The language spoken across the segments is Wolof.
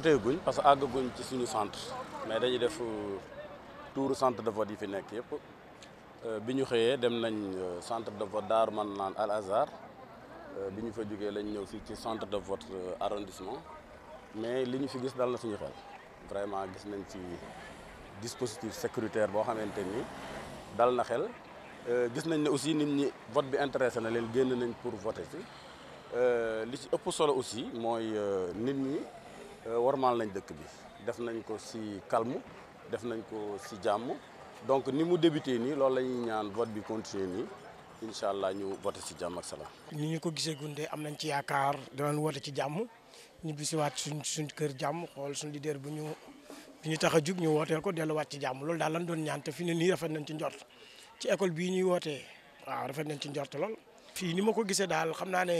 voté parce que àggaguñ ci suñu centre mais dañuy def euh, tuuru centre de vote yi fi nekk yëpp euh, bi ñu xëyee dem nañ euh, centre de vote Daaru naan Al Azhar bi ñu fa jógee lañ ñëw fii ci centre de vote arrondissement mais li ñu fi gis dal na suñu xel vraiment gis nañ ci dispositif sécuritaire boo xamante ni dal na xel gis nañ ne aussi nit ñi vote bi intéressé na leen génn nañ pour voter ci li ci ëpp solo aussi mooy nit ñi Euh, warmaal nañ dëkk bi def nañ ko si calme def nañ ko si jàmm donc ni mu débuté nii loolu la ñaan vote bi continuer nii incha allah ñu vote si jàmm ak salaam. ni ñu ko gisee gunde am nañ ci yaakaar danañ woote ci jàmm ñu bisiwaat suñ suñ kër jàmm xool suñ leader bu ñu bi ñu tax a jug ñu wooteel ko delluwaat ci jàmm loolu daal lan doon ñaan te fi ne nii rafet nañ ci njort ci école bii ñuy wootee waaw rafet nañ ci njort lool. fii ni ma ko gisee daal xam naa ne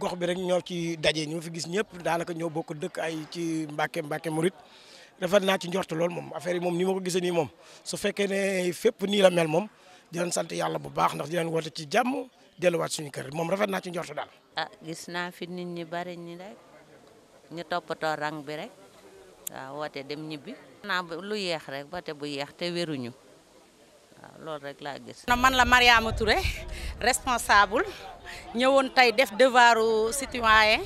gox bi rek ñoo ci daje ñu ma fi gis ñëpp daanaka ñoo bokk dëkk ay ci mbake mu Mouride rafet naa ci njort lool moom affaire yi moom ni ma ko gisee nii moom su fekkee ne fépp nii la mel moom di leen sant yàlla bu baax ndax di leen ci jàmm delluwaat suñu kër moom rafet naa ci njort daal. ah gis naa fit nit ñi bari ñi rek ñu toppatoo rang bi rek waaw woote dem ñibbi. naa lu yeex rek woote bu yeex te wéruñu. waaw loolu rek laa gis. man la Mariama Touré responsable ñëwoon tey def devoiru citoyen.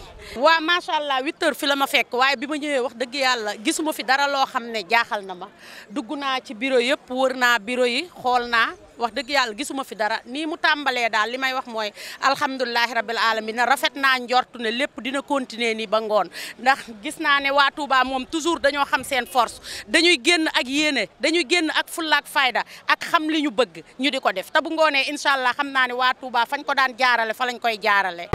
waaw macha allah huit fi la ma fekk waaye bi ma ñëwee wax dëgg yàlla gisuma fi dara loo xam ne jaaxal na ma dugg naa ci bureau yëpp wër naa bureau yi xool naa. wax dëgg yàlla gisuma fi dara nii mu tàmbalee daal li may wax mooy alhamdulilahi rabil alamin rafet naa njortu ne lépp dina continuer nii ba ngoon ndax gis naa ne waa Touba moom toujours dañoo xam seen force dañuy génn ak yéene dañuy génn ak fulla fayda ak xam li ñu bëgg ñu di ko def te bu ngoonee incha allah xam naa ne waa Touba fañ ko daan jaarale fa lañ koy jaarale